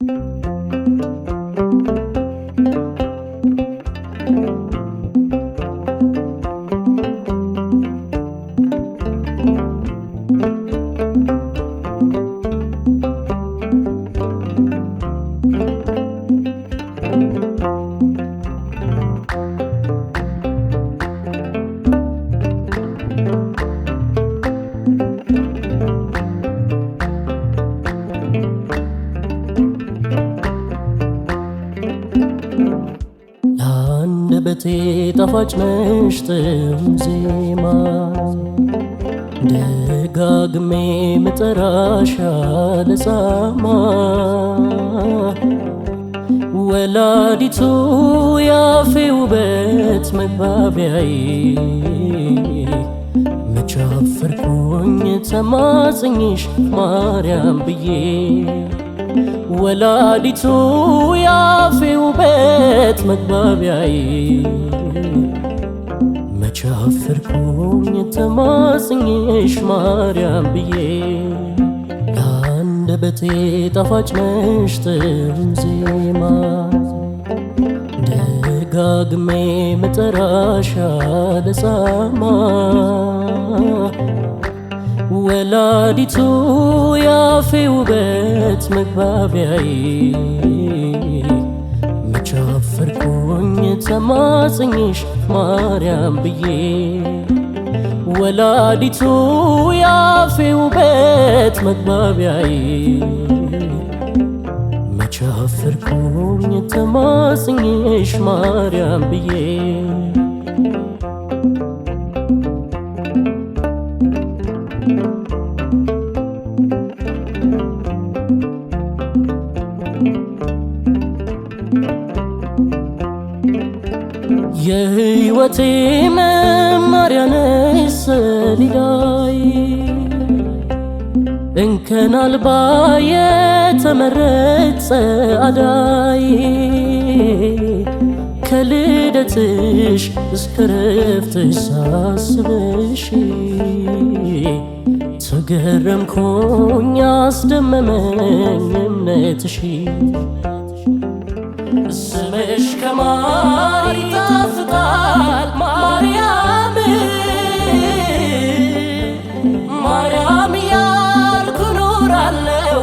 Thank you. ጣፋጭ ነሽ ጥሩ ዜማ ደጋግሜ ምጠራሽ አልሰማ ወላዲቱ ያፌ ውበት መግባቢያዬ መቼ አፈርኩኝ ተማጽኝሽ ማርያም ብዬ ወላዲቱ ያፌ ውበት መግባቢያዬ መቼ አፈርኩኝ ተማጽኜሽ ማርያም ብዬ ለአንደበቴ ጣፋጭ ነሽ ጥዑም ዜማ ደጋግሜ መጠራሻ ለሳማ ወላዲቱ ያፌ ውበት መግባቢያዬ መቻፈርኩኝ ተማጽኝሽ ማርያም ብዬ ወላዲቱ የአፌ ውበት መግባቢያዬ መቻፈርኩኝ ተማጽኝሽ ማርያም ብዬ የህይወቴ መማሪያ ነሽ ሰሊላይ እንከን አልባ የተመረጥ ጸአዳይ ከልደትሽ እስከ ረፍትሽ ሳስብሽ ተገረምኩኝ አስደመመኝ እምነትሽ ስምሽ ከማ ይጣፍጣል ማርያም ማርያም ያልኩ ኖራለው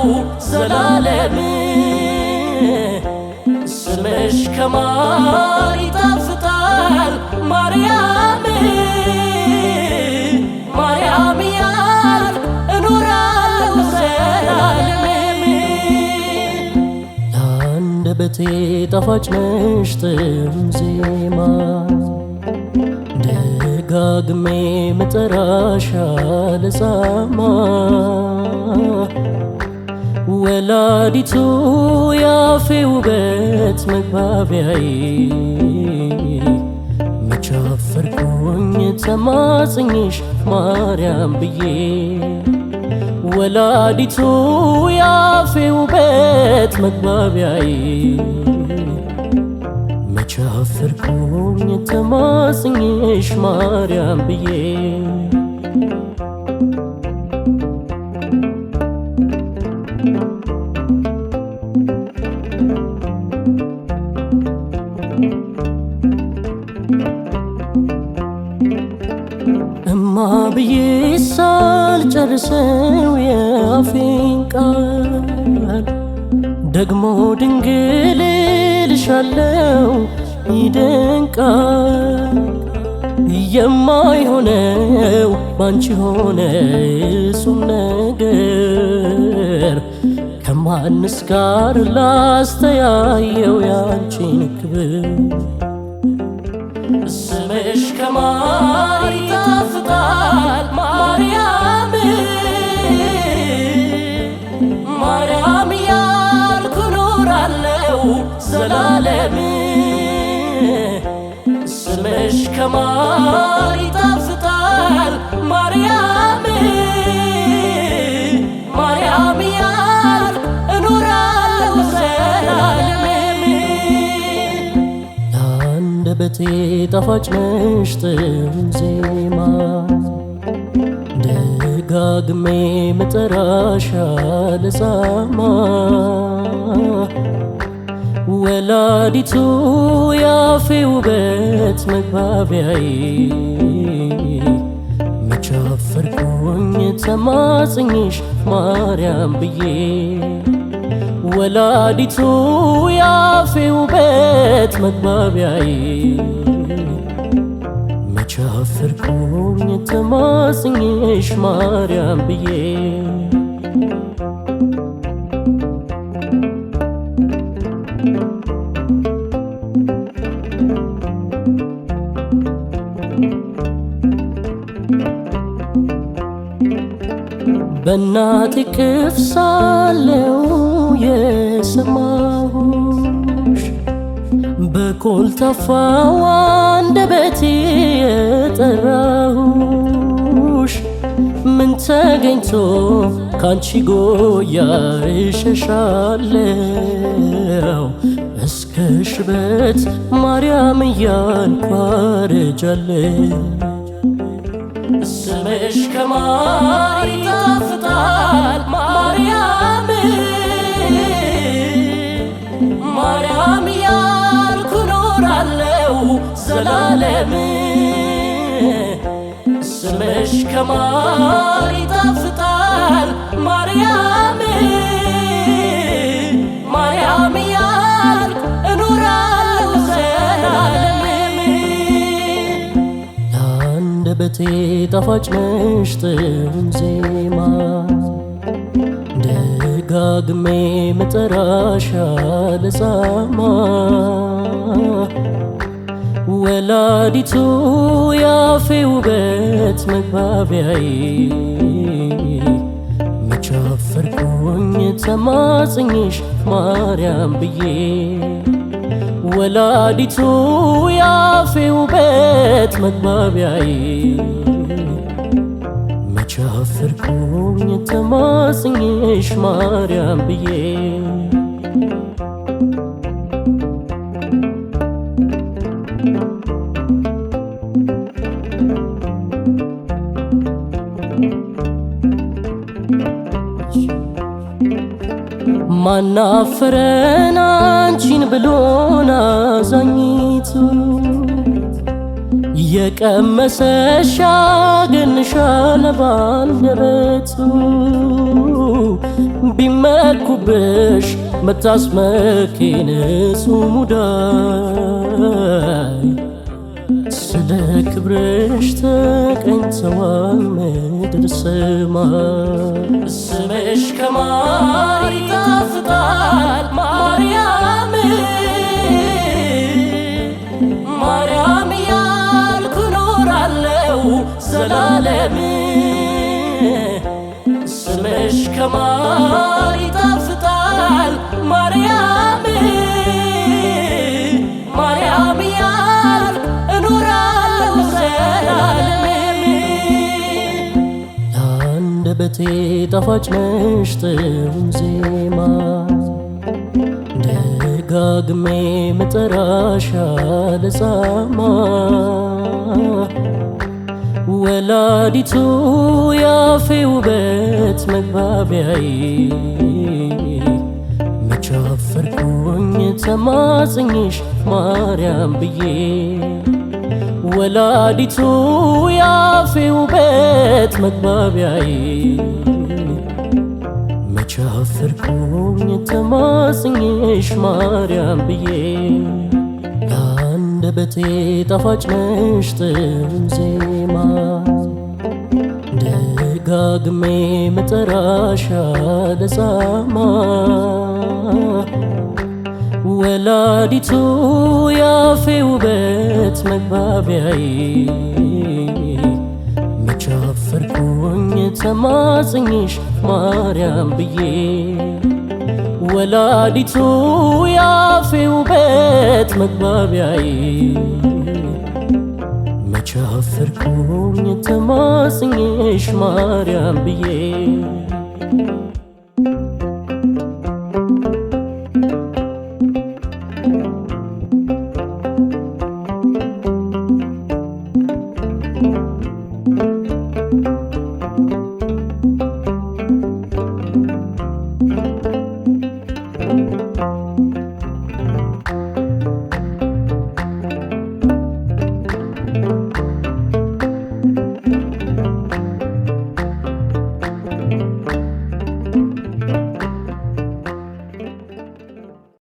ዘላለም ስምሽ ከማር ይጣፍጣል ማርያም ብቴ ጣፋጭ ነሽ ጥሩ ዜማ ደጋግሜ መጠራሻ ለጻማ ወላዲቱ ያፌ ውበት መግባቢያዬ መቻፈርኩኝ ተማጽኝሽ ማርያም ብዬ ወላዲቱ የአፌ ውበት መግባቢያዬ መቼ አፈርኩኝ ተማጽኜሽ ማርያም ብዬ እማ ብዬሳ ጨርሰው የአፌን ቃል ደግሞ ድንግል ልሻለው ይደንቃል የማይሆነው ባንቺ ሆነ እሱም ነገር ከማንስ ጋር ላስተያየው ያንቺን ክብር ስምሽ ከማር ይጣፍጣል ዘላለም ስምሽ ከማር ይጣፍጣል ማርያም ማርያም ያል እኖራለሁ ዘላለም ለአንደበቴ ጣፋጭ ነሽ ጥዑም ዜማ ደጋግሜ መጠራሽ ያለ ወላዲቱ የአፌ ውበት መግባቢያዬ መቼ አፈርኩኝ ማርያም ብዬ ወላዲቱ የአፌ ውበት መግባቢያዬ መቼ አፈርኩኝ ማርያም ብዬ በእናት እቅፍ ሳለው የሰማሁሽ በኮልታፋው አንደበቴ የጠራሁሽ ምን ተገኝቶ ካንቺ ጎያ እሸሻለው እስከ ሽበት ማርያም እያንኳረጃለ ስምሽ ከማር ይጣፍጥ ማርያም ያልኩ ኖራለው ዘላለም ስምሽ ከማር ይጣፍጣል ማርያም ማርያም ያልኩ እኖራለው ዘላለም ለአንደበቴ ጣፋጭ ነሽ ጥዑም ዜማ ደጋግሜ መጠራሻ ለጻማ ወላዲቱ ያፌ ውበት መግባቢያይ መቻፈርኩኝ ተማጽኝሽ ማርያም ብዬ ወላዲቱ ያፌ ውበት መግባቢያይ ቸፍርኩኝ ተማጽኜሽ ማርያም ብዬ ማናፈረን አንቺን ብሎን አዛኝቱ የቀመሰ ሻገንሻ ለባንደረቱ ቢመኩብሽ መታስመኪን ሙዳይ ስለ ክብርሽ ተቀኝተዋል ምድር ሰማይ ስምሽ ከማር ይጣፍጣል ማርያም ለዘላለም ስምሽ ከማር ይጣፍጣል ማርያም ማርያም ያል እኖራለሁ ዘላለም ለአንደበቴ ጣፋጭ ነሽ ጥዑም ዜማ ደጋግሜ መጠራሽ ያለ ወላዲቱ ያፌ ውበት መግባቢያዬ መቼ አፈርኩኝ ማርያም ብዬ ወላዲቱ የአፌ ውበት መግባቢያዬ መቼ አፈርኩኝ ማርያም ብዬ አንደበቴ ጣፋጭ ነሽ ጥዑም ዜማ ደጋግሜ መጠራሽ አልሰማ ወላዲቱ ያፌ ውበት መግባቢያዬ መቻፈርኩኝ ተማጽኝሽ ማርያም ብዬ ወላዲቱ ያፌ ውበት መግባቢያዬ መቼ አፈርኩኝ ተማጽኜሽ ማርያም ብዬ